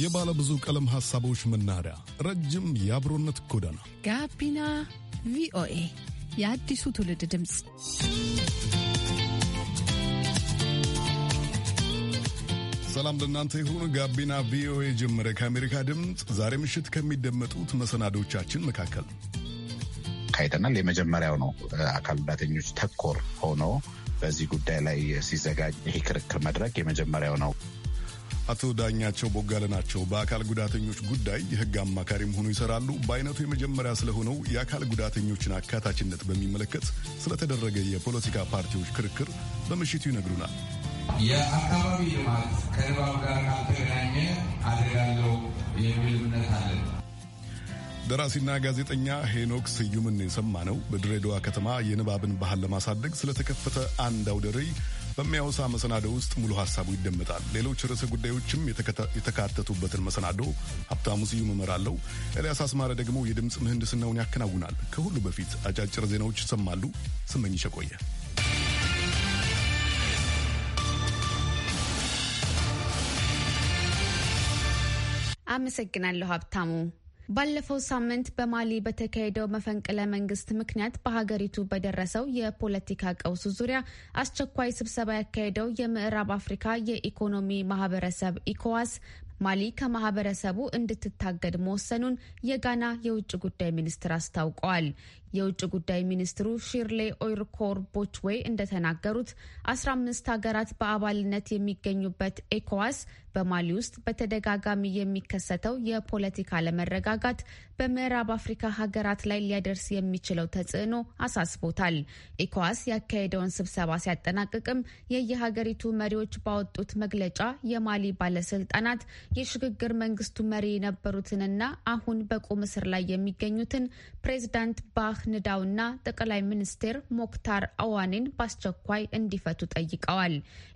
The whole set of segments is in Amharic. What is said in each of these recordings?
የባለ ብዙ ቀለም ሐሳቦች መናኸሪያ፣ ረጅም የአብሮነት ጎዳና ጋቢና ቪኦኤ የአዲሱ ትውልድ ድምፅ። ሰላም ለእናንተ ይሁን። ጋቢና ቪኦኤ ጀመረ። ከአሜሪካ ድምፅ ዛሬ ምሽት ከሚደመጡት መሰናዶቻችን መካከል ካይተናል የመጀመሪያው ነው። አካል ጉዳተኞች ተኮር ሆኖ በዚህ ጉዳይ ላይ ሲዘጋጅ ይሄ ክርክር መድረክ የመጀመሪያው ነው። አቶ ዳኛቸው ቦጋለ ናቸው። በአካል ጉዳተኞች ጉዳይ የህግ አማካሪም ሆኖ ይሰራሉ። በአይነቱ የመጀመሪያ ስለሆነው የአካል ጉዳተኞችን አካታችነት በሚመለከት ስለተደረገ የፖለቲካ ፓርቲዎች ክርክር በምሽቱ ይነግሩናል። የአካባቢ ልማት ከንባብ ጋር ካልተገናኘ አደጋለው የሚል እምነት አለን። ደራሲና ጋዜጠኛ ሄኖክ ስዩምን የሰማ ነው። በድሬዳዋ ከተማ የንባብን ባህል ለማሳደግ ስለተከፈተ አንድ አውደ ርዕይ በሚያወሳ መሰናዶ ውስጥ ሙሉ ሀሳቡ ይደመጣል። ሌሎች ርዕሰ ጉዳዮችም የተካተቱበትን መሰናዶ ሀብታሙ ስዩም እመራለሁ። ኤልያስ አስማረ ደግሞ የድምፅ ምህንድስናውን ያከናውናል። ከሁሉ በፊት አጫጭር ዜናዎች ይሰማሉ። ስመኝሽ ቆየ። አመሰግናለሁ ሀብታሙ። ባለፈው ሳምንት በማሊ በተካሄደው መፈንቅለ መንግስት ምክንያት በሀገሪቱ በደረሰው የፖለቲካ ቀውስ ዙሪያ አስቸኳይ ስብሰባ ያካሄደው የምዕራብ አፍሪካ የኢኮኖሚ ማህበረሰብ ኢኮዋስ ማሊ ከማህበረሰቡ እንድትታገድ መወሰኑን የጋና የውጭ ጉዳይ ሚኒስትር አስታውቀዋል። የውጭ ጉዳይ ሚኒስትሩ ሺርሌ ኦይርኮር ቦችዌይ እንደተናገሩት 15 ሀገራት በአባልነት የሚገኙበት ኤኮዋስ በማሊ ውስጥ በተደጋጋሚ የሚከሰተው የፖለቲካ አለመረጋጋት በምዕራብ አፍሪካ ሀገራት ላይ ሊያደርስ የሚችለው ተጽዕኖ አሳስቦታል። ኤኮዋስ ያካሄደውን ስብሰባ ሲያጠናቅቅም የየሀገሪቱ መሪዎች ባወጡት መግለጫ የማሊ ባለስልጣናት የሽግግር መንግስቱ መሪ የነበሩትንና አሁን በቁም እስር ላይ የሚገኙትን ፕሬዚዳንት ባህ ንዳውና ጠቅላይ ሚኒስቴር ሞክታር አዋኔን በአስቸኳይ እንዲፈቱ ጠይቀዋል።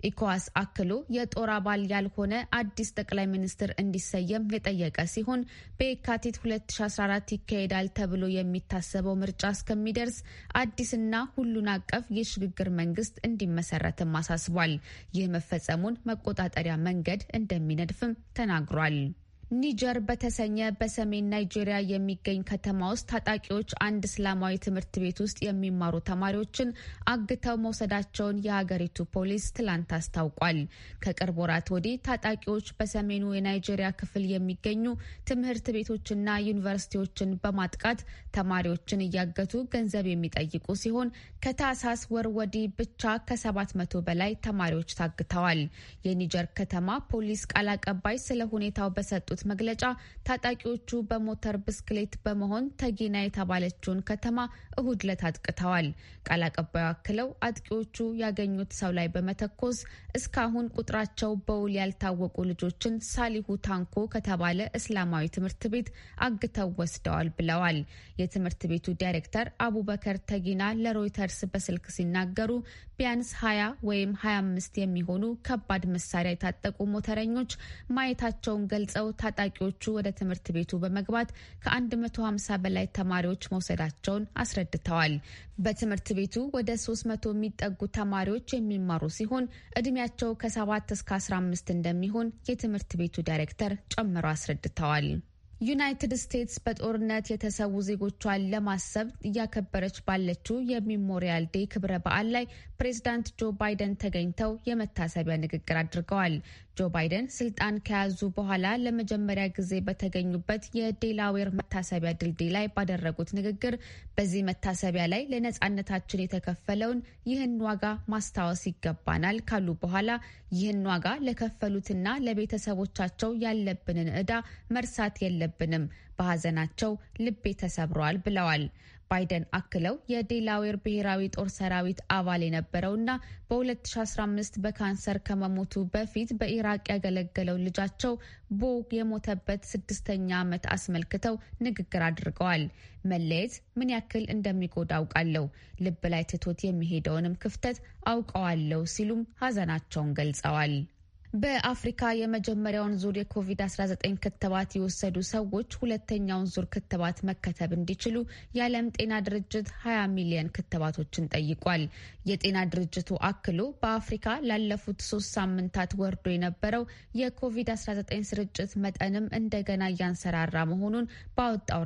ኢኮዋስ አክሎ የጦር አባል ያልሆነ አዲስ ጠቅላይ ሚኒስትር እንዲሰየም የጠየቀ ሲሆን በየካቲት 2014 ይካሄዳል ተብሎ የሚታሰበው ምርጫ እስከሚደርስ አዲስና ሁሉን አቀፍ የሽግግር መንግስት እንዲመሰረትም አሳስቧል። ይህ መፈጸሙን መቆጣጠሪያ መንገድ እንደሚነድፍም ተናግሯል። ኒጀር በተሰኘ በሰሜን ናይጄሪያ የሚገኝ ከተማ ውስጥ ታጣቂዎች አንድ እስላማዊ ትምህርት ቤት ውስጥ የሚማሩ ተማሪዎችን አግተው መውሰዳቸውን የሀገሪቱ ፖሊስ ትላንት አስታውቋል። ከቅርብ ወራት ወዲህ ታጣቂዎች በሰሜኑ የናይጄሪያ ክፍል የሚገኙ ትምህርት ቤቶችና ዩኒቨርሲቲዎችን በማጥቃት ተማሪዎችን እያገቱ ገንዘብ የሚጠይቁ ሲሆን ከታህሳስ ወር ወዲህ ብቻ ከሰባት መቶ በላይ ተማሪዎች ታግተዋል። የኒጀር ከተማ ፖሊስ ቃል አቀባይ ስለ ሁኔታው በሰጡ ባወጡት መግለጫ ታጣቂዎቹ በሞተር ብስክሌት በመሆን ተጊና የተባለችውን ከተማ እሁድ ዕለት አጥቅተዋል። ቃል አቀባዩ አክለው አጥቂዎቹ ያገኙት ሰው ላይ በመተኮስ እስካሁን ቁጥራቸው በውል ያልታወቁ ልጆችን ሳሊሁ ታንኮ ከተባለ እስላማዊ ትምህርት ቤት አግተው ወስደዋል ብለዋል። የትምህርት ቤቱ ዳይሬክተር አቡበከር ተጊና ለሮይተርስ በስልክ ሲናገሩ ቢያንስ 20 ወይም 25 የሚሆኑ ከባድ መሳሪያ የታጠቁ ሞተረኞች ማየታቸውን ገልጸው ታጣቂዎቹ ወደ ትምህርት ቤቱ በመግባት ከ150 በላይ ተማሪዎች መውሰዳቸውን አስረድተዋል። በትምህርት ቤቱ ወደ 300 የሚጠጉ ተማሪዎች የሚማሩ ሲሆን እድሜያቸው ከ7 እስከ 15 እንደሚሆን የትምህርት ቤቱ ዳይሬክተር ጨምረው አስረድተዋል። ዩናይትድ ስቴትስ በጦርነት የተሰዉ ዜጎቿን ለማሰብ እያከበረች ባለችው የሚሞሪያል ዴይ ክብረ በዓል ላይ ፕሬዚዳንት ጆ ባይደን ተገኝተው የመታሰቢያ ንግግር አድርገዋል። ጆ ባይደን ስልጣን ከያዙ በኋላ ለመጀመሪያ ጊዜ በተገኙበት የዴላዌር መታሰቢያ ድልድይ ላይ ባደረጉት ንግግር በዚህ መታሰቢያ ላይ ለነፃነታችን የተከፈለውን ይህን ዋጋ ማስታወስ ይገባናል ካሉ በኋላ ይህን ዋጋ ለከፈሉትና ለቤተሰቦቻቸው ያለብንን ዕዳ መርሳት የለብንም። በሀዘናቸው ልቤ ተሰብረዋል ብለዋል። ባይደን አክለው የዴላዌር ብሔራዊ ጦር ሰራዊት አባል የነበረው ና በ2015 በካንሰር ከመሞቱ በፊት በኢራቅ ያገለገለው ልጃቸው ቦ የሞተበት ስድስተኛ ዓመት አስመልክተው ንግግር አድርገዋል። መለየት ምን ያክል እንደሚጎዳ አውቃለሁ፣ ልብ ላይ ትቶት የሚሄደውንም ክፍተት አውቀዋለሁ ሲሉም ሀዘናቸውን ገልጸዋል። በአፍሪካ የመጀመሪያውን ዙር የኮቪድ-19 ክትባት የወሰዱ ሰዎች ሁለተኛውን ዙር ክትባት መከተብ እንዲችሉ የዓለም ጤና ድርጅት 20 ሚሊዮን ክትባቶችን ጠይቋል። የጤና ድርጅቱ አክሎ በአፍሪካ ላለፉት ሶስት ሳምንታት ወርዶ የነበረው የኮቪድ-19 ስርጭት መጠንም እንደገና እያንሰራራ መሆኑን ባወጣው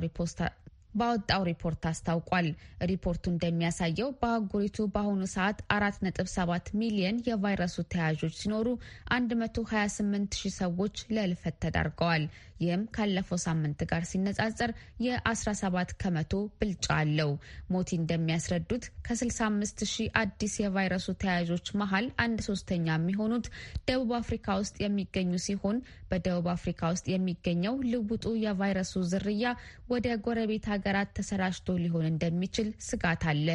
ባወጣው ሪፖርት አስታውቋል። ሪፖርቱ እንደሚያሳየው በአህጉሪቱ በአሁኑ ሰዓት 4.7 ሚሊየን የቫይረሱ ተያዦች ሲኖሩ 128 ሺህ ሰዎች ለእልፈት ተዳርገዋል። ይህም ካለፈው ሳምንት ጋር ሲነጻጸር የ17 ከመቶ ብልጫ አለው። ሞቲ እንደሚያስረዱት ከ65 ሺህ አዲስ የቫይረሱ ተያዦች መሀል አንድ ሶስተኛ የሚሆኑት ደቡብ አፍሪካ ውስጥ የሚገኙ ሲሆን በደቡብ አፍሪካ ውስጥ የሚገኘው ልውጡ የቫይረሱ ዝርያ ወደ ጎረቤት ሀገራት ተሰራጭቶ ሊሆን እንደሚችል ስጋት አለ።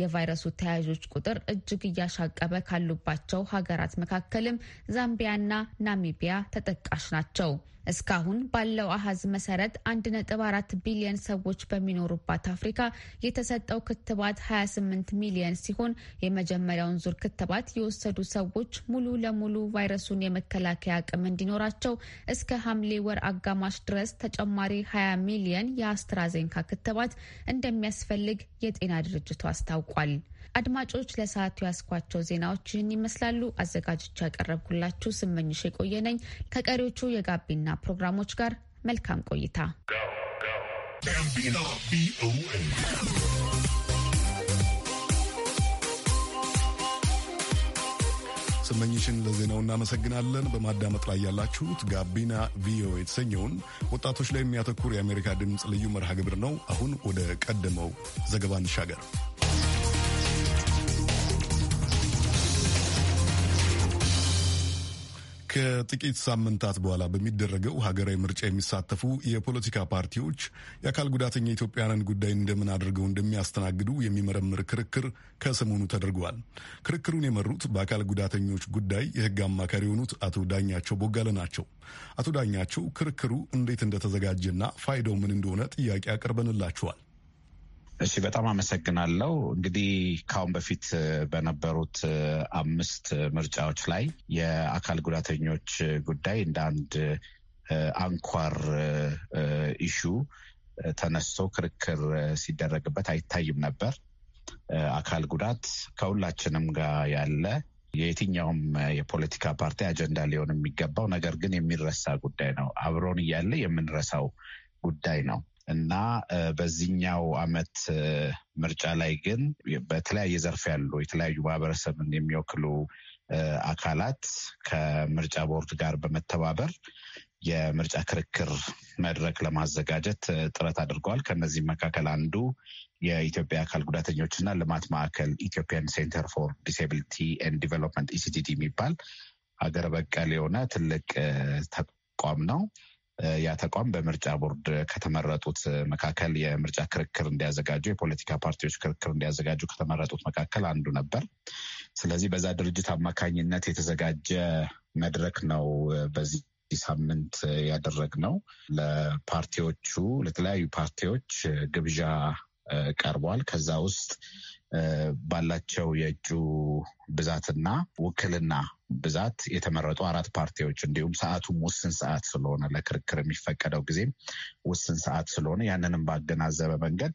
የቫይረሱ ተያያዦች ቁጥር እጅግ እያሻቀበ ካሉባቸው ሀገራት መካከልም ዛምቢያና ናሚቢያ ተጠቃሽ ናቸው። እስካሁን ባለው አሀዝ መሰረት 1.4 ቢሊየን ሰዎች በሚኖሩባት አፍሪካ የተሰጠው ክትባት 28 ሚሊየን ሲሆን የመጀመሪያውን ዙር ክትባት የወሰዱ ሰዎች ሙሉ ለሙሉ ቫይረሱን የመከላከያ አቅም እንዲኖራቸው እስከ ሐምሌ ወር አጋማሽ ድረስ ተጨማሪ 20 ሚሊየን የአስትራዜንካ ክትባት እንደሚያስፈልግ የጤና ድርጅቱ አስታውቋል። አድማጮች ለሰዓቱ ያስኳቸው ዜናዎች ይህን ይመስላሉ። አዘጋጆች ያቀረብኩላችሁ ስመኝሽ የቆየነኝ ከቀሪዎቹ የጋቢና ፕሮግራሞች ጋር መልካም ቆይታ። ስመኝሽን ለዜናው እናመሰግናለን። በማዳመጥ ላይ ያላችሁት ጋቢና ቪኦኤ የተሰኘውን ወጣቶች ላይ የሚያተኩር የአሜሪካ ድምፅ ልዩ መርሃ ግብር ነው። አሁን ወደ ቀደመው ዘገባ እንሻገር። ከጥቂት ሳምንታት በኋላ በሚደረገው ሀገራዊ ምርጫ የሚሳተፉ የፖለቲካ ፓርቲዎች የአካል ጉዳተኛ ኢትዮጵያውያንን ጉዳይ እንደምን አድርገው እንደሚያስተናግዱ የሚመረምር ክርክር ከሰሞኑ ተደርጓል። ክርክሩን የመሩት በአካል ጉዳተኞች ጉዳይ የሕግ አማካሪ የሆኑት አቶ ዳኛቸው ቦጋለ ናቸው። አቶ ዳኛቸው ክርክሩ እንዴት እንደተዘጋጀና ፋይዳው ምን እንደሆነ ጥያቄ አቅርበንላችኋል። እሺ በጣም አመሰግናለሁ። እንግዲህ ከአሁን በፊት በነበሩት አምስት ምርጫዎች ላይ የአካል ጉዳተኞች ጉዳይ እንደ አንድ አንኳር ኢሹ ተነስቶ ክርክር ሲደረግበት አይታይም ነበር። አካል ጉዳት ከሁላችንም ጋር ያለ የየትኛውም የፖለቲካ ፓርቲ አጀንዳ ሊሆን የሚገባው ነገር ግን የሚረሳ ጉዳይ ነው። አብሮን እያለ የምንረሳው ጉዳይ ነው። እና በዚህኛው አመት ምርጫ ላይ ግን በተለያየ ዘርፍ ያሉ የተለያዩ ማህበረሰብን የሚወክሉ አካላት ከምርጫ ቦርድ ጋር በመተባበር የምርጫ ክርክር መድረክ ለማዘጋጀት ጥረት አድርገዋል። ከነዚህ መካከል አንዱ የኢትዮጵያ አካል ጉዳተኞችና ልማት ማዕከል ኢትዮጵያን ሴንተር ፎር ዲስብሊቲ ኤንድ ዲቨሎፕመንት ኢሲዲዲ የሚባል ሀገር በቀል የሆነ ትልቅ ተቋም ነው። ያ ተቋም በምርጫ ቦርድ ከተመረጡት መካከል የምርጫ ክርክር እንዲያዘጋጁ የፖለቲካ ፓርቲዎች ክርክር እንዲያዘጋጁ ከተመረጡት መካከል አንዱ ነበር። ስለዚህ በዛ ድርጅት አማካኝነት የተዘጋጀ መድረክ ነው በዚህ ሳምንት ያደረግነው። ለፓርቲዎቹ ለተለያዩ ፓርቲዎች ግብዣ ቀርቧል። ከዛ ውስጥ ባላቸው የእጩ ብዛትና ውክልና ብዛት የተመረጡ አራት ፓርቲዎች እንዲሁም ሰዓቱም ውስን ሰዓት ስለሆነ ለክርክር የሚፈቀደው ጊዜም ውስን ሰዓት ስለሆነ ያንንም ባገናዘበ መንገድ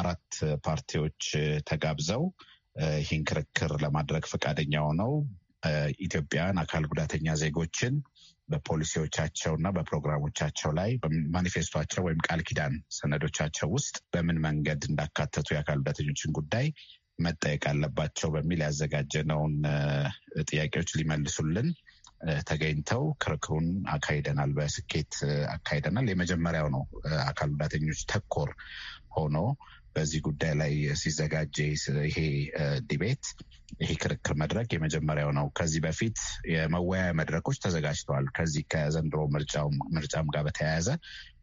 አራት ፓርቲዎች ተጋብዘው ይህን ክርክር ለማድረግ ፈቃደኛ ሆነው ኢትዮጵያውያን አካል ጉዳተኛ ዜጎችን በፖሊሲዎቻቸው እና በፕሮግራሞቻቸው ላይ ማኒፌስቶቸው ወይም ቃል ኪዳን ሰነዶቻቸው ውስጥ በምን መንገድ እንዳካተቱ የአካል ጉዳተኞችን ጉዳይ መጠየቅ አለባቸው በሚል ያዘጋጀነውን ጥያቄዎች ሊመልሱልን ተገኝተው ክርክሩን አካሂደናል። በስኬት አካሂደናል። የመጀመሪያው ነው አካል ጉዳተኞች ተኮር ሆኖ በዚህ ጉዳይ ላይ ሲዘጋጅ ይሄ ዲቤት ይሄ ክርክር መድረክ የመጀመሪያው ነው። ከዚህ በፊት የመወያያ መድረኮች ተዘጋጅተዋል። ከዚህ ከዘንድሮ ምርጫም ጋር በተያያዘ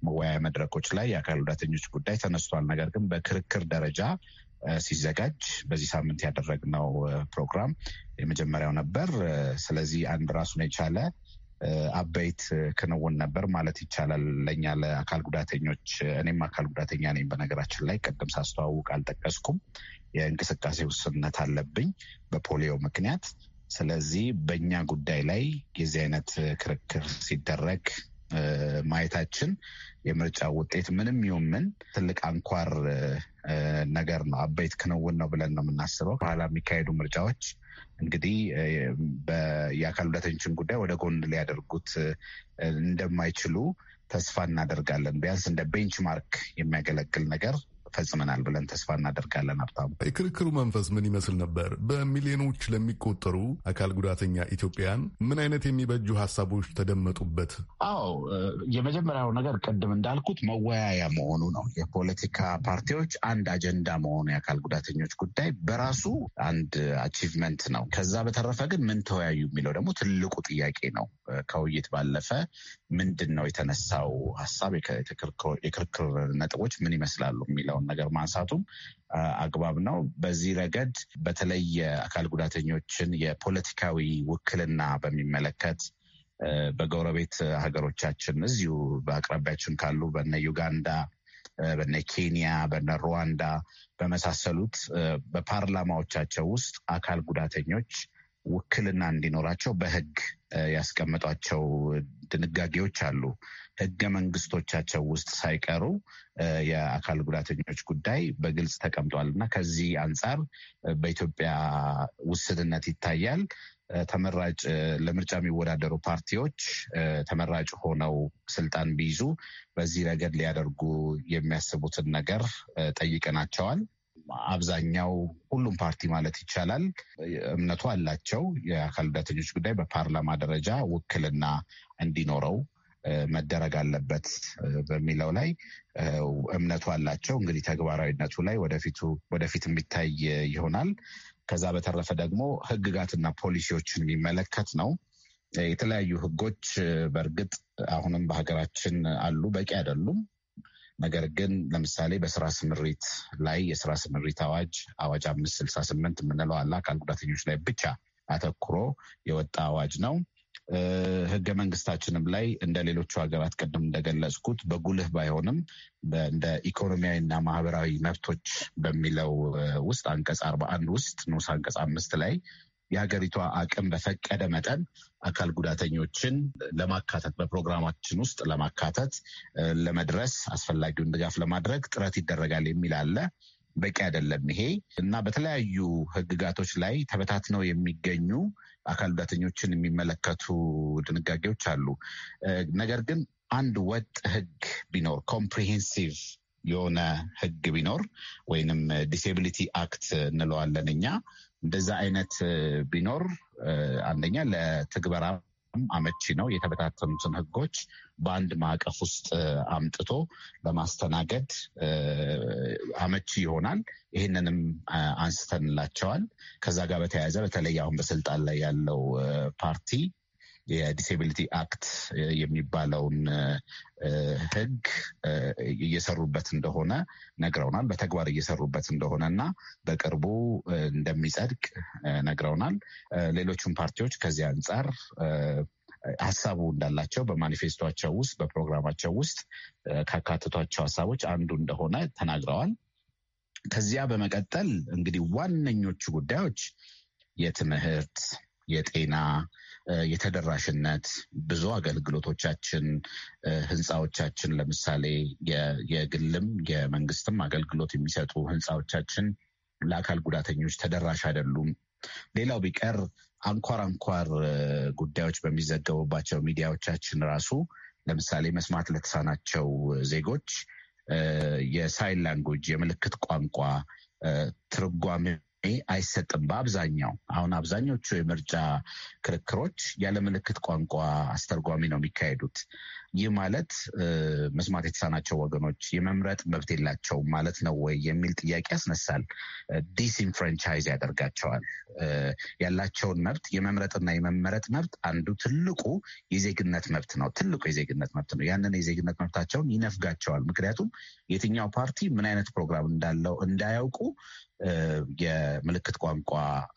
መወያያ መድረኮች ላይ የአካል ጉዳተኞች ጉዳይ ተነስቷል። ነገር ግን በክርክር ደረጃ ሲዘጋጅ በዚህ ሳምንት ያደረግነው ፕሮግራም የመጀመሪያው ነበር። ስለዚህ አንድ ራሱን የቻለ አበይት ክንውን ነበር ማለት ይቻላል ለእኛ ለአካል ጉዳተኞች። እኔም አካል ጉዳተኛ ነኝ በነገራችን ላይ ቅድም ሳስተዋውቅ አልጠቀስኩም። የእንቅስቃሴ ውስንነት አለብኝ በፖሊዮ ምክንያት። ስለዚህ በእኛ ጉዳይ ላይ የዚህ አይነት ክርክር ሲደረግ ማየታችን የምርጫ ውጤት ምንም ይሁን ምን ትልቅ አንኳር ነገር ነው፣ አበይት ክንውን ነው ብለን ነው የምናስበው። በኋላ የሚካሄዱ ምርጫዎች እንግዲህ የአካል ጉዳተኞችን ጉዳይ ወደ ጎን ሊያደርጉት እንደማይችሉ ተስፋ እናደርጋለን። ቢያንስ እንደ ቤንችማርክ የሚያገለግል ነገር ፈጽመናል ብለን ተስፋ እናደርጋለን። ሀብታሙ፣ የክርክሩ መንፈስ ምን ይመስል ነበር? በሚሊዮኖች ለሚቆጠሩ አካል ጉዳተኛ ኢትዮጵያን ምን አይነት የሚበጁ ሀሳቦች ተደመጡበት? አዎ የመጀመሪያው ነገር ቅድም እንዳልኩት መወያያ መሆኑ ነው። የፖለቲካ ፓርቲዎች አንድ አጀንዳ መሆኑ የአካል ጉዳተኞች ጉዳይ በራሱ አንድ አቺቭመንት ነው። ከዛ በተረፈ ግን ምን ተወያዩ የሚለው ደግሞ ትልቁ ጥያቄ ነው። ከውይይት ባለፈ ምንድን ነው የተነሳው ሀሳብ፣ የክርክር ነጥቦች ምን ይመስላሉ የሚለው የሚለውን ነገር ማንሳቱም አግባብ ነው። በዚህ ረገድ በተለይ የአካል ጉዳተኞችን የፖለቲካዊ ውክልና በሚመለከት በጎረቤት ሀገሮቻችን እዚሁ በአቅራቢያችን ካሉ በነ ዩጋንዳ፣ በነ ኬንያ፣ በነ ሩዋንዳ በመሳሰሉት በፓርላማዎቻቸው ውስጥ አካል ጉዳተኞች ውክልና እንዲኖራቸው በሕግ ያስቀመጧቸው ድንጋጌዎች አሉ። ሕገ መንግስቶቻቸው ውስጥ ሳይቀሩ የአካል ጉዳተኞች ጉዳይ በግልጽ ተቀምጧል እና ከዚህ አንጻር በኢትዮጵያ ውስንነት ይታያል። ተመራጭ ለምርጫ የሚወዳደሩ ፓርቲዎች ተመራጭ ሆነው ስልጣን ቢይዙ በዚህ ረገድ ሊያደርጉ የሚያስቡትን ነገር ጠይቀናቸዋል። አብዛኛው ሁሉም ፓርቲ ማለት ይቻላል እምነቱ አላቸው የአካል ጉዳተኞች ጉዳይ በፓርላማ ደረጃ ውክልና እንዲኖረው መደረግ አለበት በሚለው ላይ እምነቱ አላቸው። እንግዲህ ተግባራዊነቱ ላይ ወደፊት የሚታይ ይሆናል። ከዛ በተረፈ ደግሞ ህግጋትና ፖሊሲዎችን የሚመለከት ነው። የተለያዩ ህጎች በእርግጥ አሁንም በሀገራችን አሉ፣ በቂ አይደሉም። ነገር ግን ለምሳሌ በስራ ስምሪት ላይ የስራ ስምሪት አዋጅ አዋጅ አምስት ስልሳ ስምንት የምንለው አለ አካል ጉዳተኞች ላይ ብቻ አተኩሮ የወጣ አዋጅ ነው። ህገ መንግስታችንም ላይ እንደ ሌሎቹ ሀገራት ቅድም እንደገለጽኩት በጉልህ ባይሆንም እንደ ኢኮኖሚያዊ እና ማህበራዊ መብቶች በሚለው ውስጥ አንቀጽ አርባ አንድ ውስጥ ንዑስ አንቀጽ አምስት ላይ የሀገሪቷ አቅም በፈቀደ መጠን አካል ጉዳተኞችን ለማካተት በፕሮግራማችን ውስጥ ለማካተት ለመድረስ አስፈላጊውን ድጋፍ ለማድረግ ጥረት ይደረጋል የሚል አለ። በቂ አይደለም ይሄ እና በተለያዩ ህግጋቶች ላይ ተበታትነው የሚገኙ አካል ጉዳተኞችን የሚመለከቱ ድንጋጌዎች አሉ። ነገር ግን አንድ ወጥ ህግ ቢኖር ኮምፕሪሄንሲቭ የሆነ ህግ ቢኖር ወይንም ዲሴቢሊቲ አክት እንለዋለን እኛ እንደዛ አይነት ቢኖር አንደኛ ለትግበራ አመቺ ነው። የተበታተኑትን ህጎች በአንድ ማዕቀፍ ውስጥ አምጥቶ ለማስተናገድ አመቺ ይሆናል። ይህንንም አንስተንላቸዋል። ከዛ ጋር በተያያዘ በተለይ አሁን በስልጣን ላይ ያለው ፓርቲ የዲሴቢሊቲ አክት የሚባለውን ህግ እየሰሩበት እንደሆነ ነግረውናል። በተግባር እየሰሩበት እንደሆነ እና በቅርቡ እንደሚጸድቅ ነግረውናል። ሌሎቹም ፓርቲዎች ከዚህ አንጻር ሀሳቡ እንዳላቸው በማኒፌስቶቸው ውስጥ በፕሮግራማቸው ውስጥ ካካተቷቸው ሀሳቦች አንዱ እንደሆነ ተናግረዋል። ከዚያ በመቀጠል እንግዲህ ዋነኞቹ ጉዳዮች የትምህርት፣ የጤና፣ የተደራሽነት ብዙ አገልግሎቶቻችን ህንፃዎቻችን ለምሳሌ የግልም የመንግስትም አገልግሎት የሚሰጡ ህንፃዎቻችን ለአካል ጉዳተኞች ተደራሽ አይደሉም። ሌላው ቢቀር አንኳር አንኳር ጉዳዮች በሚዘገቡባቸው ሚዲያዎቻችን ራሱ ለምሳሌ መስማት ለተሳናቸው ዜጎች የሳይን ላንጉጅ የምልክት ቋንቋ ትርጓሜ አይሰጥም። በአብዛኛው አሁን አብዛኞቹ የምርጫ ክርክሮች ያለ ምልክት ቋንቋ አስተርጓሚ ነው የሚካሄዱት። ይህ ማለት መስማት የተሳናቸው ወገኖች የመምረጥ መብት የላቸውም ማለት ነው ወይ የሚል ጥያቄ ያስነሳል። ዲስኢንፍራንቻይዝ ያደርጋቸዋል። ያላቸውን መብት የመምረጥና የመመረጥ መብት አንዱ ትልቁ የዜግነት መብት ነው። ትልቁ የዜግነት መብት ነው። ያንን የዜግነት መብታቸውን ይነፍጋቸዋል። ምክንያቱም የትኛው ፓርቲ ምን አይነት ፕሮግራም እንዳለው እንዳያውቁ የምልክት ቋንቋ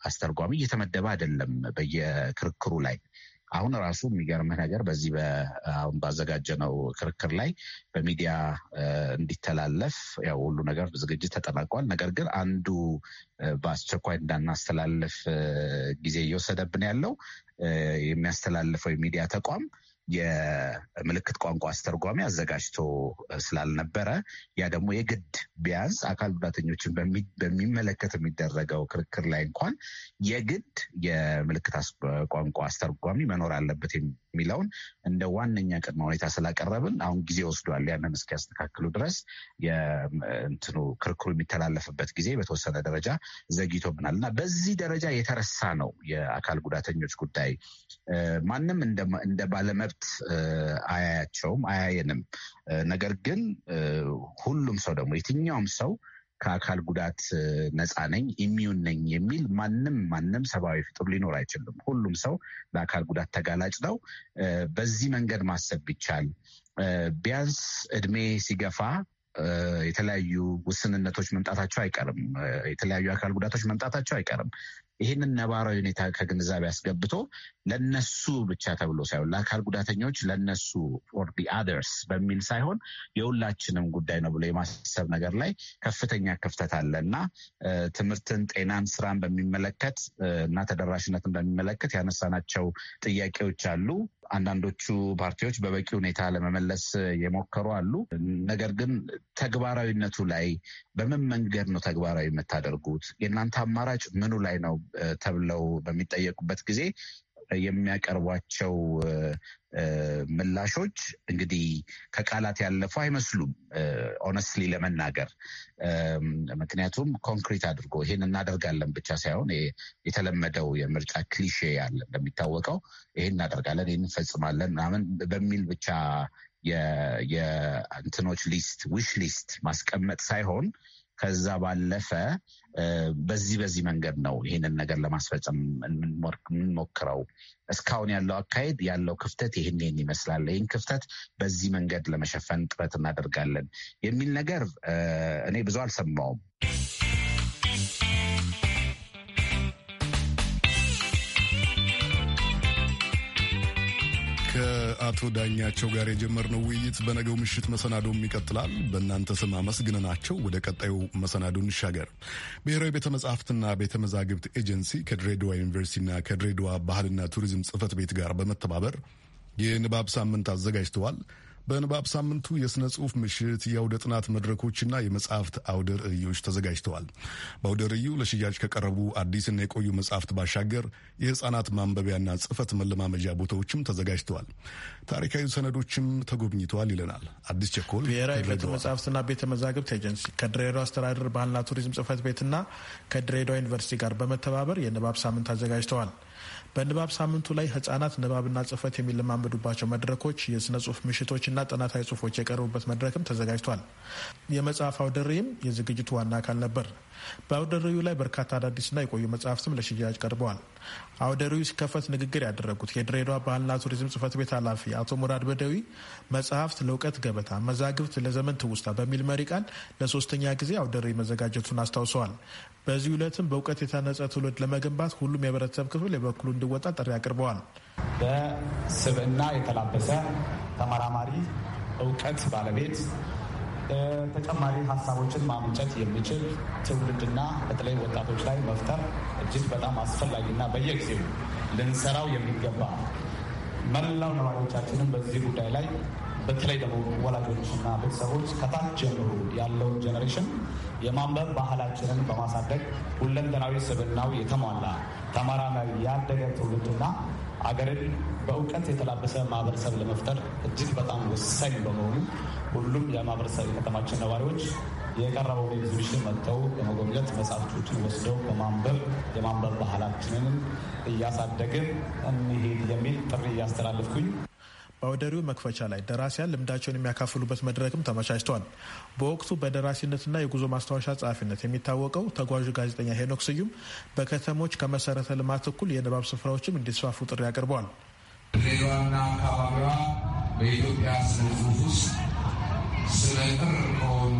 አስተርጓሚ እየተመደበ አይደለም በየክርክሩ ላይ አሁን ራሱ የሚገርምህ ነገር በዚህ አሁን ባዘጋጀነው ክርክር ላይ በሚዲያ እንዲተላለፍ ያው ሁሉ ነገር ዝግጅት ተጠናቋል። ነገር ግን አንዱ በአስቸኳይ እንዳናስተላልፍ ጊዜ እየወሰደብን ያለው የሚያስተላልፈው የሚዲያ ተቋም የምልክት ቋንቋ አስተርጓሚ አዘጋጅቶ ስላልነበረ ያ ደግሞ የግድ ቢያንስ አካል ጉዳተኞችን በሚመለከት የሚደረገው ክርክር ላይ እንኳን የግድ የምልክት ቋንቋ አስተርጓሚ መኖር አለበት የሚለውን እንደ ዋነኛ ቅድመ ሁኔታ ስላቀረብን አሁን ጊዜ ወስዷል። ያንን እስኪያስተካክሉ ድረስ የእንትኑ ክርክሩ የሚተላለፍበት ጊዜ በተወሰነ ደረጃ ዘግይቶብናል እና በዚህ ደረጃ የተረሳ ነው የአካል ጉዳተኞች ጉዳይ። ማንም እንደ ባለመብት አያያቸውም፣ አያየንም። ነገር ግን ሁሉም ሰው ደግሞ የትኛውም ሰው ከአካል ጉዳት ነፃ ነኝ ኢሚዩን ነኝ የሚል ማንም ማንም ሰብአዊ ፍጡር ሊኖር አይችልም። ሁሉም ሰው ለአካል ጉዳት ተጋላጭ ነው። በዚህ መንገድ ማሰብ ቢቻል ቢያንስ እድሜ ሲገፋ የተለያዩ ውስንነቶች መምጣታቸው አይቀርም። የተለያዩ አካል ጉዳቶች መምጣታቸው አይቀርም። ይህንን ነባራዊ ሁኔታ ከግንዛቤ አስገብቶ ለነሱ ብቻ ተብሎ ሳይሆን ለአካል ጉዳተኞች ለነሱ ፎር ዲ አደርስ በሚል ሳይሆን የሁላችንም ጉዳይ ነው ብሎ የማሰብ ነገር ላይ ከፍተኛ ክፍተት አለ እና ትምህርትን፣ ጤናን፣ ስራን በሚመለከት እና ተደራሽነትን በሚመለከት ያነሳናቸው ጥያቄዎች አሉ። አንዳንዶቹ ፓርቲዎች በበቂ ሁኔታ ለመመለስ የሞከሩ አሉ። ነገር ግን ተግባራዊነቱ ላይ በምን መንገድ ነው ተግባራዊ የምታደርጉት፣ የእናንተ አማራጭ ምኑ ላይ ነው ተብለው በሚጠየቁበት ጊዜ የሚያቀርቧቸው ምላሾች እንግዲህ ከቃላት ያለፉ አይመስሉም፣ ኦነስትሊ ለመናገር ምክንያቱም ኮንክሪት አድርጎ ይሄን እናደርጋለን ብቻ ሳይሆን የተለመደው የምርጫ ክሊሼ ያለ እንደሚታወቀው ይህን እናደርጋለን፣ ይህን እንፈጽማለን ምናምን በሚል ብቻ የእንትኖች ሊስት ዊሽ ሊስት ማስቀመጥ ሳይሆን ከዛ ባለፈ በዚህ በዚህ መንገድ ነው ይህንን ነገር ለማስፈጸም የምንሞክረው። እስካሁን ያለው አካሄድ ያለው ክፍተት ይህን ይህን ይመስላል። ይህን ክፍተት በዚህ መንገድ ለመሸፈን ጥረት እናደርጋለን የሚል ነገር እኔ ብዙ አልሰማውም። ከአቶ ዳኛቸው ጋር የጀመርነው ውይይት በነገው ምሽት መሰናዶም ይቀጥላል። በእናንተ ስም አመስግነናቸው ወደ ቀጣዩ መሰናዶ እንሻገር። ብሔራዊ ቤተ መጻሕፍትና ቤተ መዛግብት ኤጀንሲ ከድሬዳዋ ዩኒቨርሲቲና ከድሬዳዋ ባህልና ቱሪዝም ጽህፈት ቤት ጋር በመተባበር የንባብ ሳምንት አዘጋጅተዋል። በንባብ ሳምንቱ የሥነ ጽሑፍ ምሽት፣ የአውደ ጥናት መድረኮችና የመጽሐፍት አውደ ርዕዮች ተዘጋጅተዋል። በአውደ ርዕዩ ለሽያጭ ከቀረቡ አዲስና የቆዩ መጽሐፍት ባሻገር የሕፃናት ማንበቢያና ጽፈት መለማመጃ ቦታዎችም ተዘጋጅተዋል። ታሪካዊ ሰነዶችም ተጎብኝተዋል ይለናል አዲስ ቸኮል። ብሔራዊ ቤተ መጽሐፍትና ቤተ መዛግብት ኤጀንሲ ከድሬዳዋ አስተዳደር ባህልና ቱሪዝም ጽህፈት ቤትና ከድሬዳዋ ዩኒቨርሲቲ ጋር በመተባበር የንባብ ሳምንት አዘጋጅተዋል። በንባብ ሳምንቱ ላይ ህጻናት ንባብና ጽህፈት የሚለማመዱባቸው መድረኮች፣ የስነ ጽሁፍ ምሽቶችና ጥናታዊ ጽሁፎች የቀረቡበት መድረክም ተዘጋጅቷል። የመጽሐፍ አውደ ርዕይም የዝግጅቱ ዋና አካል ነበር። በአውደ ርዕዩ ላይ በርካታ አዳዲስና የቆዩ መጽሐፍትም ለሽያጭ ቀርበዋል። አውደ ርዕዩ ሲከፈት ንግግር ያደረጉት የድሬዳዋ ባህልና ቱሪዝም ጽህፈት ቤት ኃላፊ አቶ ሙራድ በደዊ መጽሐፍት ለእውቀት ገበታ፣ መዛግብት ለዘመን ትውስታ በሚል መሪ ቃል ለሶስተኛ ጊዜ አውደ ርዕይ መዘጋጀቱን አስታውሰዋል። በዚህ ዕለትም በእውቀት የታነጸ ትውልድ ለመገንባት ሁሉም የህብረተሰብ ክፍል የበኩሉ እንዲወጣ ጥሪ አቅርበዋል። በስብዕና የተላበሰ ተመራማሪ እውቀት ባለቤት ተጨማሪ ሀሳቦችን ማምጨት የሚችል ትውልድና በተለይ ወጣቶች ላይ መፍጠር እጅግ በጣም አስፈላጊና በየጊዜው ልንሰራው የሚገባ መላው ነዋሪዎቻችንም በዚህ ጉዳይ ላይ በተለይ ደግሞ ወላጆችና ቤተሰቦች ከታች ጀምሮ ያለውን ጀኔሬሽን የማንበብ ባህላችንን በማሳደግ ሁለንተናዊ ስብናው የተሟላ ተመራማሪ ያደገ ትውልድና አገርን በእውቀት የተላበሰ ማህበረሰብ ለመፍጠር እጅግ በጣም ወሳኝ በመሆኑ ሁሉም የማህበረሰብ የከተማችን ነዋሪዎች የቀረበው ኤግዚቢሽን መጥተው በመጎብኘት መጽሐፍቶችን ወስደው በማንበብ የማንበብ ባህላችንን እያሳደግን እንሄድ የሚል ጥሪ እያስተላለፍኩኝ በአውደሪው መክፈቻ ላይ ደራሲያን ልምዳቸውን የሚያካፍሉበት መድረክም ተመቻችቷል። በወቅቱ በደራሲነትና የጉዞ ማስታወሻ ጸሐፊነት የሚታወቀው ተጓዡ ጋዜጠኛ ሄኖክ ስዩም በከተሞች ከመሰረተ ልማት እኩል የንባብ ስፍራዎችም እንዲስፋፉ ጥሪ አቅርበዋል። ድሬዳዋና አካባቢዋ በኢትዮጵያ ስነ ጽሑፍ ውስጥ ስለ ቅር ከሆኑ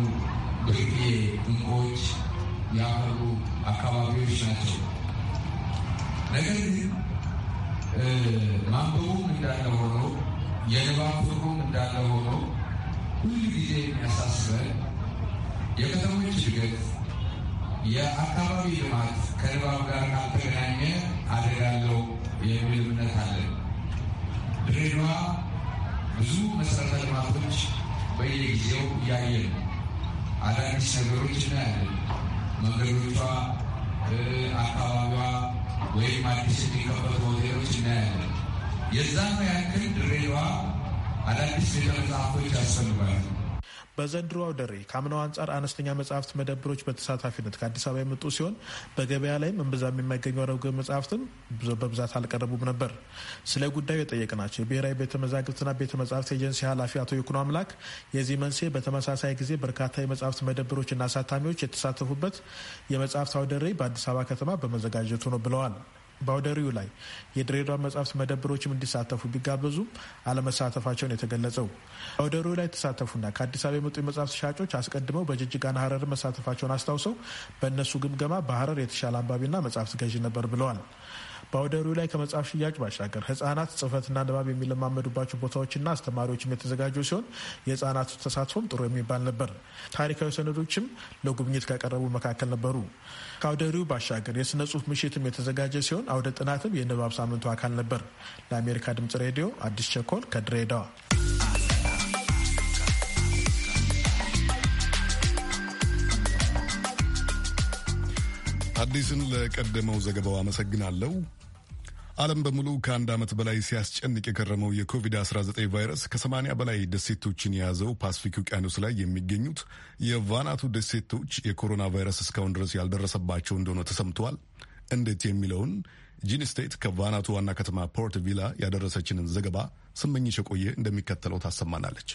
ብርቅዬ ድንቆች ያፈሩ አካባቢዎች ናቸው። ነገር ግን ማንበቡም እንዳለ ሆነው የድባብ ፍቅሩም እንዳለ ሆኖ ሁሉ ጊዜ የሚያሳስበን የከተሞች እድገት፣ የአካባቢ ልማት ከድባብ ጋር ካልተገናኘ አደጋለው የሚል እምነት አለን። ድሬዳዋ ብዙ መሰረተ ልማቶች በየጊዜው እያየን አዳዲስ ነገሮች እናያለን። መንገዶቿ፣ አካባቢዋ ወይም አዲስ የሚከፈቱ ሆቴሎች እናያለን። የዛም ያክል ድሬዋ አዳዲስ ቤተ መጽሐፍቶች ያስፈልጓል። በዘንድሮ አውደ ርዕይ ከአምናው አንጻር አነስተኛ መጽሐፍት መደብሮች በተሳታፊነት ከአዲስ አበባ የመጡ ሲሆን በገበያ ላይም እምብዛም የሚገኙ አረጉ መጽሐፍትም በብዛት አልቀረቡም ነበር። ስለ ጉዳዩ የጠየቅናቸው የብሔራዊ ቤተ መዛግብትና ቤተ መጽሐፍት ኤጀንሲ ኃላፊ አቶ ይኩኖ አምላክ የዚህ መንስኤ በተመሳሳይ ጊዜ በርካታ የመጽሐፍት መደብሮችና አሳታሚዎች የተሳተፉበት የመጽሐፍት አውደ ርዕይ በአዲስ አበባ ከተማ በመዘጋጀቱ ነው ብለዋል። ባውደሪው ላይ የድሬዳዋ መጽሐፍት መደብሮችም እንዲሳተፉ ቢጋበዙም አለመሳተፋቸውን የተገለጸው ባውደሪው ላይ የተሳተፉና ከአዲስ አበባ የመጡ የመጽሐፍት ሻጮች አስቀድመው በጅጅጋና ሀረር መሳተፋቸውን አስታውሰው በእነሱ ግምገማ በሀረር የተሻለ አንባቢና መጽሐፍት ገዢ ነበር ብለዋል። በአውደ ርዕዩ ላይ ከመጽሐፍ ሽያጭ ባሻገር ህጻናት ጽህፈትና ንባብ የሚለማመዱባቸው ቦታዎችና አስተማሪዎችም የተዘጋጁ ሲሆን የህጻናቱ ተሳትፎም ጥሩ የሚባል ነበር። ታሪካዊ ሰነዶችም ለጉብኝት ካቀረቡ መካከል ነበሩ። ከአውደ ርዕዩ ባሻገር የስነ ጽሁፍ ምሽትም የተዘጋጀ ሲሆን አውደ ጥናትም የንባብ ሳምንቱ አካል ነበር። ለአሜሪካ ድምጽ ሬዲዮ አዲስ ቸኮል ከድሬዳዋ አዲስን ለቀደመው ዘገባው አመሰግናለሁ። ዓለም በሙሉ ከአንድ ዓመት በላይ ሲያስጨንቅ የከረመው የኮቪድ-19 ቫይረስ ከ80 በላይ ደሴቶችን የያዘው ፓስፊክ ውቅያኖስ ላይ የሚገኙት የቫናቱ ደሴቶች የኮሮና ቫይረስ እስካሁን ድረስ ያልደረሰባቸው እንደሆነ ተሰምተዋል። እንዴት የሚለውን ጂን ስቴት ከቫናቱ ዋና ከተማ ፖርት ቪላ ያደረሰችንን ዘገባ ስመኝሽ የቆየ እንደሚከተለው ታሰማናለች።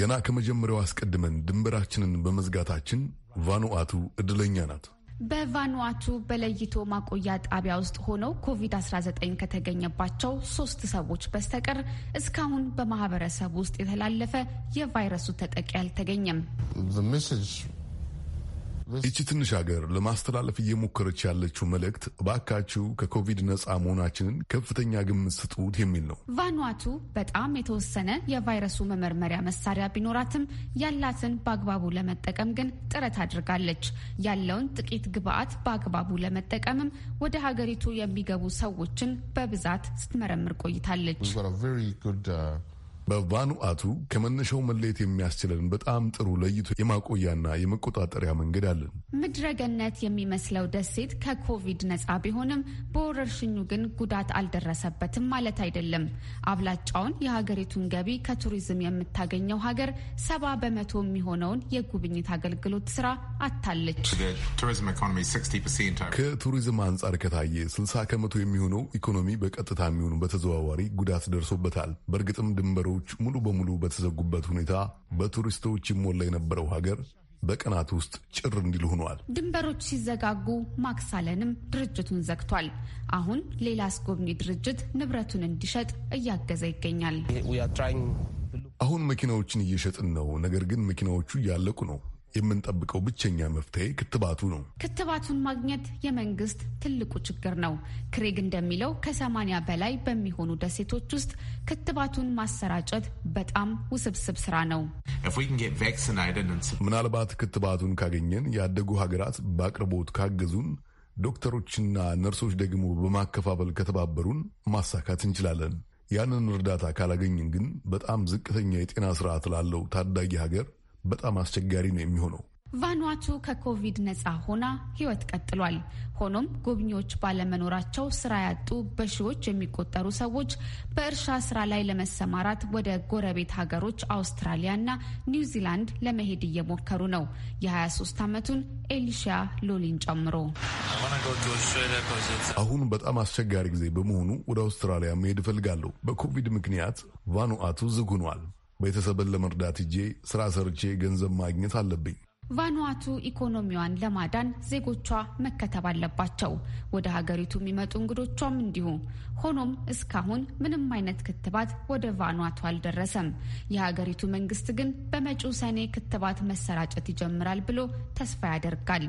ገና ከመጀመሪያው አስቀድመን ድንበራችንን በመዝጋታችን ቫኑአቱ እድለኛ ናት። በቫኑአቱ በለይቶ ማቆያ ጣቢያ ውስጥ ሆነው ኮቪድ-19 ከተገኘባቸው ሶስት ሰዎች በስተቀር እስካሁን በማህበረሰብ ውስጥ የተላለፈ የቫይረሱ ተጠቂ አልተገኘም። ይቺ ትንሽ ሀገር ለማስተላለፍ እየሞከረች ያለችው መልእክት እባካችሁ ከኮቪድ ነፃ መሆናችንን ከፍተኛ ግምት ስጡት የሚል ነው። ቫኗቱ በጣም የተወሰነ የቫይረሱ መመርመሪያ መሳሪያ ቢኖራትም ያላትን በአግባቡ ለመጠቀም ግን ጥረት አድርጋለች። ያለውን ጥቂት ግብአት በአግባቡ ለመጠቀምም ወደ ሀገሪቱ የሚገቡ ሰዎችን በብዛት ስትመረምር ቆይታለች። በቫኑአቱ ከመነሻው መለየት የሚያስችለን በጣም ጥሩ ለይቶ የማቆያና የመቆጣጠሪያ መንገድ አለን። ምድረገነት የሚመስለው ደሴት ከኮቪድ ነፃ ቢሆንም በወረርሽኙ ግን ጉዳት አልደረሰበትም ማለት አይደለም። አብላጫውን የሀገሪቱን ገቢ ከቱሪዝም የምታገኘው ሀገር ሰባ በመቶ የሚሆነውን የጉብኝት አገልግሎት ስራ አታለች። ከቱሪዝም አንጻር ከታየ 60 ከመቶ የሚሆነው ኢኮኖሚ በቀጥታ የሚሆኑ በተዘዋዋሪ ጉዳት ደርሶበታል። በእርግጥም ድንበሩ መንገዶች ሙሉ በሙሉ በተዘጉበት ሁኔታ በቱሪስቶች ይሞላ የነበረው ሀገር በቀናት ውስጥ ጭር እንዲል ሆኗል። ድንበሮች ሲዘጋጉ ማክሳለንም ድርጅቱን ዘግቷል። አሁን ሌላ አስጎብኚ ድርጅት ንብረቱን እንዲሸጥ እያገዘ ይገኛል። አሁን መኪናዎችን እየሸጥን ነው። ነገር ግን መኪናዎቹ እያለቁ ነው። የምንጠብቀው ብቸኛ መፍትሄ ክትባቱ ነው። ክትባቱን ማግኘት የመንግስት ትልቁ ችግር ነው። ክሬግ እንደሚለው ከሰማኒያ በላይ በሚሆኑ ደሴቶች ውስጥ ክትባቱን ማሰራጨት በጣም ውስብስብ ስራ ነው። ምናልባት ክትባቱን ካገኘን ያደጉ ሀገራት በአቅርቦት ካገዙን ዶክተሮችና ነርሶች ደግሞ በማከፋፈል ከተባበሩን ማሳካት እንችላለን። ያንን እርዳታ ካላገኝን ግን በጣም ዝቅተኛ የጤና ስርዓት ላለው ታዳጊ ሀገር በጣም አስቸጋሪ ነው የሚሆነው። ቫኗቱ ከኮቪድ ነጻ ሆና ሕይወት ቀጥሏል። ሆኖም ጎብኚዎች ባለመኖራቸው ስራ ያጡ በሺዎች የሚቆጠሩ ሰዎች በእርሻ ስራ ላይ ለመሰማራት ወደ ጎረቤት ሀገሮች አውስትራሊያና ኒውዚላንድ ለመሄድ እየሞከሩ ነው። የ23 ዓመቱን ኤሊሺያ ሎሊን ጨምሮ አሁን በጣም አስቸጋሪ ጊዜ በመሆኑ ወደ አውስትራሊያ መሄድ እፈልጋለሁ። በኮቪድ ምክንያት ቫኑአቱ ዝግ ሆኗል። ቤተሰብን ለመርዳት እጄ ስራ ሰርቼ ገንዘብ ማግኘት አለብኝ። ቫኑዋቱ ኢኮኖሚዋን ለማዳን ዜጎቿ መከተብ አለባቸው። ወደ ሀገሪቱ የሚመጡ እንግዶቿም እንዲሁ። ሆኖም እስካሁን ምንም አይነት ክትባት ወደ ቫኑዋቱ አልደረሰም። የሀገሪቱ መንግስት ግን በመጪው ሰኔ ክትባት መሰራጨት ይጀምራል ብሎ ተስፋ ያደርጋል።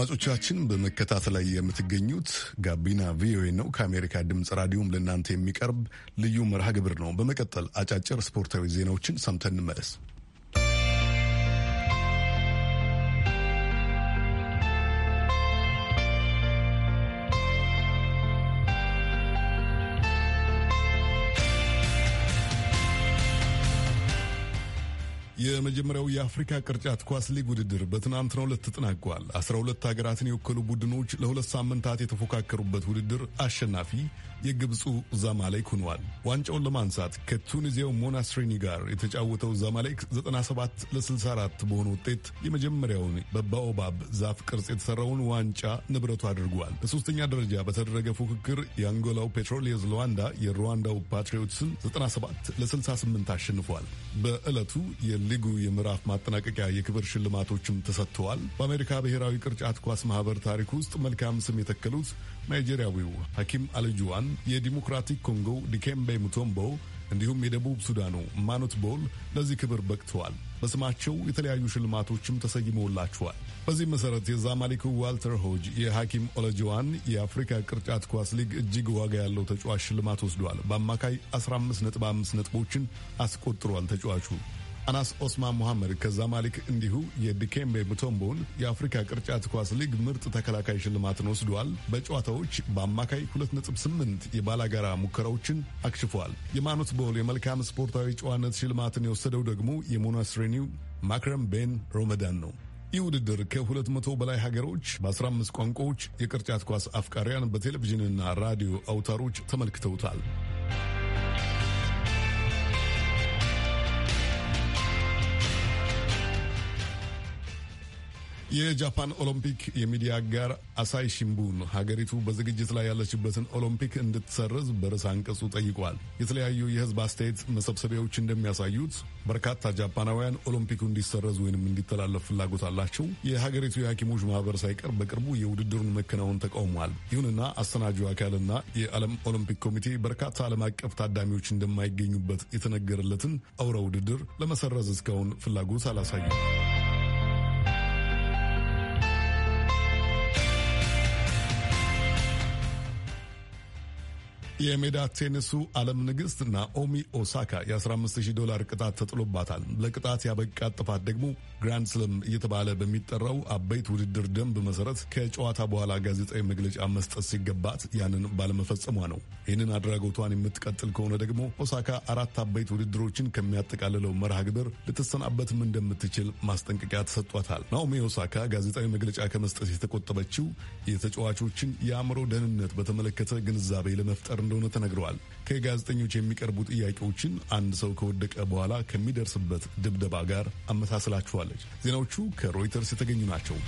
አድማጮቻችን በመከታተል ላይ የምትገኙት ጋቢና ቪኦኤ ነው። ከአሜሪካ ድምፅ ራዲዮም ለእናንተ የሚቀርብ ልዩ መርሃ ግብር ነው። በመቀጠል አጫጭር ስፖርታዊ ዜናዎችን ሰምተን እንመለስ። የአፍሪካ ቅርጫት ኳስ ሊግ ውድድር በትናንትናው ዕለት ተጠናቋል። አስራ ሁለት ሀገራትን የወከሉ ቡድኖች ለሁለት ሳምንታት የተፎካከሩበት ውድድር አሸናፊ የግብፁ ዛማሌክ ሆኗል። ዋንጫውን ለማንሳት ከቱኒዚያው ሞናስሪኒ ጋር የተጫወተው ዛማሌክ 97 ለ64 በሆነ ውጤት የመጀመሪያውን በባኦባብ ዛፍ ቅርጽ የተሰራውን ዋንጫ ንብረቱ አድርጓል። በሶስተኛ ደረጃ በተደረገ ፉክክር የአንጎላው ፔትሮሊየስ ሉዋንዳ የሩዋንዳው ፓትሪዮትስን 97 ለ68 አሸንፏል። በዕለቱ የሊጉ የምዕራፍ ማጠናቀቂያ የክብር ሽልማቶችም ተሰጥተዋል። በአሜሪካ ብሔራዊ ቅርጫት ኳስ ማህበር ታሪክ ውስጥ መልካም ስም የተከሉት ናይጄሪያዊው ሐኪም አልጁዋን፣ የዲሞክራቲክ ኮንጎ ዲኬምቤ ሙቶምቦ እንዲሁም የደቡብ ሱዳኑ ማኑት ቦል ለዚህ ክብር በቅተዋል። በስማቸው የተለያዩ ሽልማቶችም ተሰይመውላቸዋል። በዚህ መሠረት የዛማሊኩ ዋልተር ሆጅ የሐኪም ኦለጅዋን የአፍሪካ ቅርጫት ኳስ ሊግ እጅግ ዋጋ ያለው ተጫዋች ሽልማት ወስዷል። በአማካይ 15.5 ነጥቦችን አስቆጥሯል ተጫዋቹ አናስ ኦስማን ሙሐመድ ከዛ ማሊክ እንዲሁ የዲኬምቤ ሙቶምቦን የአፍሪካ ቅርጫት ኳስ ሊግ ምርጥ ተከላካይ ሽልማትን ወስዷል። በጨዋታዎች በአማካይ 2.8 የባላጋራ ሙከራዎችን አክሽፏል። የማኖት ቦል የመልካም ስፖርታዊ ጨዋነት ሽልማትን የወሰደው ደግሞ የሞናስሬኒው ማክረም ቤን ሮመዳን ነው። ይህ ውድድር ከ200 በላይ ሀገሮች በ15 ቋንቋዎች የቅርጫት ኳስ አፍቃሪያን በቴሌቪዥንና ራዲዮ አውታሮች ተመልክተውታል። የጃፓን ኦሎምፒክ የሚዲያ አጋር አሳይ ሽምቡን ሀገሪቱ በዝግጅት ላይ ያለችበትን ኦሎምፒክ እንድትሰርዝ በርዕስ አንቀጹ ጠይቋል። የተለያዩ የህዝብ አስተያየት መሰብሰቢያዎች እንደሚያሳዩት በርካታ ጃፓናውያን ኦሎምፒኩ እንዲሰረዝ ወይንም እንዲተላለፍ ፍላጎት አላቸው። የሀገሪቱ የሐኪሞች ማህበር ሳይቀር በቅርቡ የውድድሩን መከናወን ተቃውሟል። ይሁንና አሰናጁ አካልና የዓለም ኦሎምፒክ ኮሚቴ በርካታ ዓለም አቀፍ ታዳሚዎች እንደማይገኙበት የተነገረለትን አውረ ውድድር ለመሰረዝ እስካሁን ፍላጎት አላሳዩም። የሜዳ ቴኒሱ ዓለም ንግሥት ናኦሚ ኦሳካ የ15000 ዶላር ቅጣት ተጥሎባታል። ለቅጣት ያበቃት ጥፋት ደግሞ ግራንድ ስለም እየተባለ በሚጠራው አበይት ውድድር ደንብ መሰረት ከጨዋታ በኋላ ጋዜጣዊ መግለጫ መስጠት ሲገባት ያንን ባለመፈጸሟ ነው። ይህንን አድራጎቷን የምትቀጥል ከሆነ ደግሞ ኦሳካ አራት አበይት ውድድሮችን ከሚያጠቃልለው መርሃ ግብር ልትሰናበትም እንደምትችል ማስጠንቀቂያ ተሰጥቷታል። ናኦሚ ኦሳካ ጋዜጣዊ መግለጫ ከመስጠት የተቆጠበችው የተጫዋቾችን የአእምሮ ደህንነት በተመለከተ ግንዛቤ ለመፍጠር እንደሆነ ተነግረዋል። ከጋዜጠኞች የሚቀርቡ ጥያቄዎችን አንድ ሰው ከወደቀ በኋላ ከሚደርስበት ድብደባ ጋር አመሳስላችኋለች። ዜናዎቹ ከሮይተርስ የተገኙ ናቸው።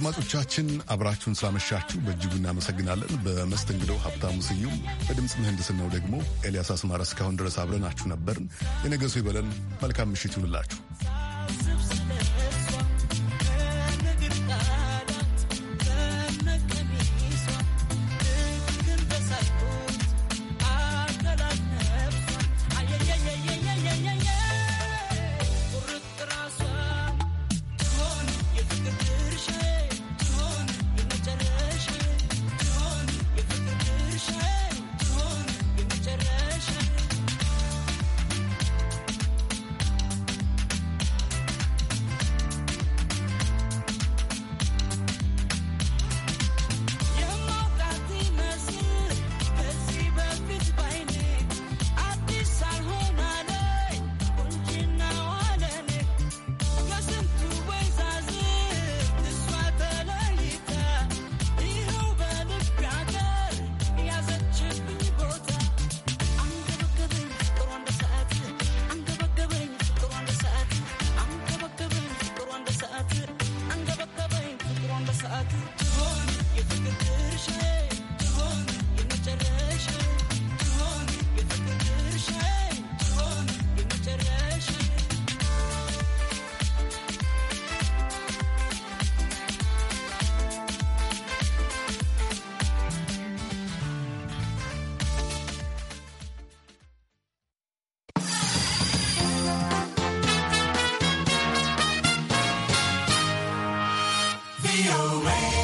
አድማጮቻችን አብራችሁን ስላመሻችሁ በእጅጉ እናመሰግናለን። በመስተንግዶ ሀብታሙ ስዩም፣ በድምፅ ምህንድስናው ደግሞ ኤልያስ አስማረ እስካሁን ድረስ አብረናችሁ ነበርን። የነገሱ ይበለን። መልካም ምሽት ይሁንላችሁ።